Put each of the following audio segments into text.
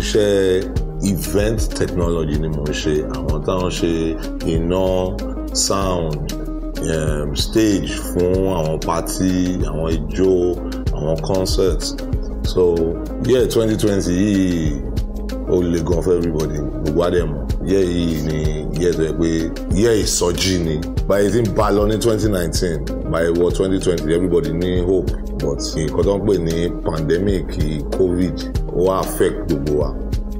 ṣiṣẹ́ event technology ni mò ń ṣe àwọn táwọn ṣe iná sound um, stage fún àwọn party àwọn ijó àwọn concert so yeah, twenty twenty yìí ó le gan for everybody gbogbo àdẹ̀mọ̀ yeah, yìí ni yeah, tó yẹ pé year ìsọjí ni by eighteen bá lọ ní twenty nineteen by wọ twenty twenty everybody ní hope but nǹkan tó ń pè ní pandemic COVID ó wá affect gbogbo wa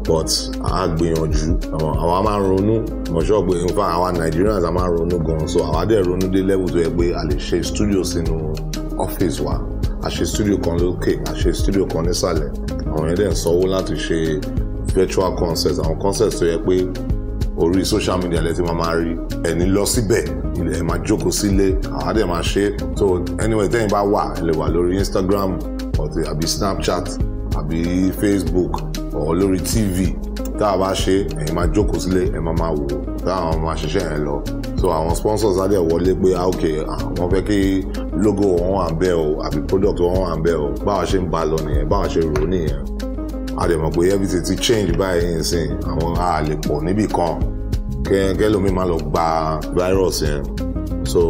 but àwa gbìyànjú àwa máa ń ronú mo sọ pé in fact àwa Nigerians a máa ń ronú gan so àwa dẹ̀ ronú dé level tó yẹ pé a lè ṣe studio sínú ọ́fíìsì wa a ṣe studio kan lókè a ṣe studio kan nísàlẹ̀ àwọn yẹn dẹ̀ ń sanwó láti ṣe virtual concerts àwọn concerts tó yẹ pé orí social media lẹ ti máa máa rí ẹni lọ síbẹ̀ ẹ máa jókòó sílé àwa dẹ̀ máa ṣe so anyway tẹ́yìn bá wà ẹ lè wà lórí Instagram àbí Snapchat àbí Facebook or lórí TV tá a bá ṣe ẹ̀yin máa jókòó sílé ẹ̀ máa máa wò tá àwọn máa ṣiṣẹ́ yẹn lọ so àwọn sponsors á dẹ̀ wọlé pé ah, ok àwọn ah, fẹ́ kí logo wọn wà bẹ́ẹ̀ o àbí product wọn wà bẹ́ẹ̀ o báwa ṣe ń ba lọ nìyẹn báwa ṣe rò nìyẹn a dẹ̀ mọ̀ pé everything ti change báyìí nsìn àwọn a lè pọ̀ níbì kan kẹ́lómi máa lọ gba virus yẹn so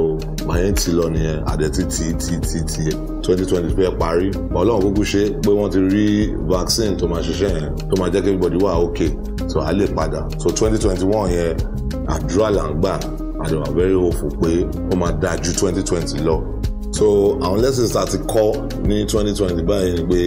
àyẹn ti lọ nìyẹn àdẹ̀tí ti ti ti ti twenty twenty fẹ́ parí ọlọ́run kúkú ṣe pé wọ́n ti rí vaccine tó máa ṣiṣẹ́ yẹn tó máa jẹ́ kí everybody wà ok so a lè padà so twenty twenty one yẹn àdúrà là ń gbà and we are very hopeful pé ó máa dáa ju twenty twenty lọ so àwọn lessons tá kọ́ ní twenty twenty báyìí ni pé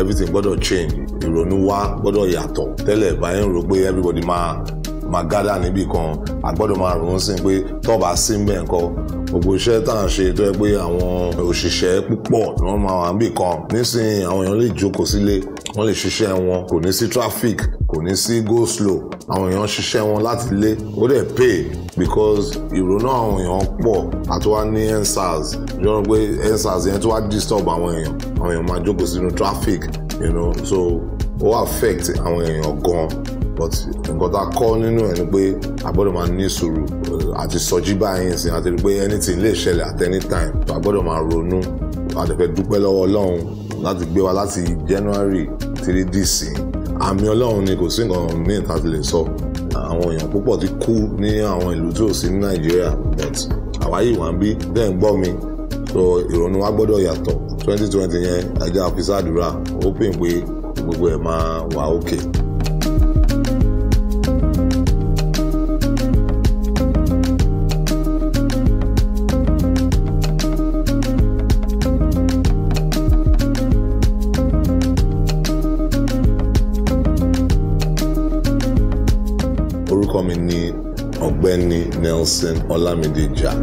everything gbọ́dọ̀ change ìrònú wa gbọ́dọ̀ yàtọ̀ tẹ́lẹ̀ báyìí ń rò pé everybody máa máa gádà níbì kan àgbọ́dọ̀ máa rò ó sí pé tọ́ọ̀bà sí ń bẹ̀ ń kọ́ gbogbo iṣẹ́ tá à ń ṣe tó yẹ pé àwọn òṣìṣẹ́ púpọ̀ ni wọ́n máa wà níbì kan nísìnyí àwọn èèyàn lè jókòó sílé wọ́n lè ṣiṣẹ́ wọn kò ní sí traffic kò ní sí go slow àwọn èèyàn ṣiṣẹ́ wọn láti lé ó dẹ̀ pay because ìrònú àwọn èèyàn pọ̀ àti wá ní ensars yọrọ pé ensars yẹn tó wá disturb àwọn èèyàn àwọn èèyàn máa jókòó sínú traffic you know so ó affect àwọn èèyàn gan-an but nǹkan tá a kọ́ nínú ẹ̀ ni pé a gbọ́dọ̀ máa ní sùúrù àti sọjí báyìí sìn àti pé anything lè ṣẹlẹ̀ at any time a gbọ́dọ̀ máa ronú a dẹ̀ fẹ́ dúpẹ́ lọ́wọ́ ọlọ́run láti gbé wa láti January three dc àmì ọlọ́run ni kò sí nǹkan míì tá a ti lè sọ àwọn èèyàn púpọ̀ ti kú ní àwọn ìlú tí ò sí ní Nàìjíríà but àwa yìí wà ń bí dẹ́ gbọ́ mi so ìrònú wa gbọ́dọ̀ yàtọ̀ twenty twenty yẹn ẹja àfisàdúrà ó pè pé gbogbo ẹ̀ máa wà ókè. Okay. orúkọ mi ni ọ̀gbẹ́ni Nelson Olamide Jack.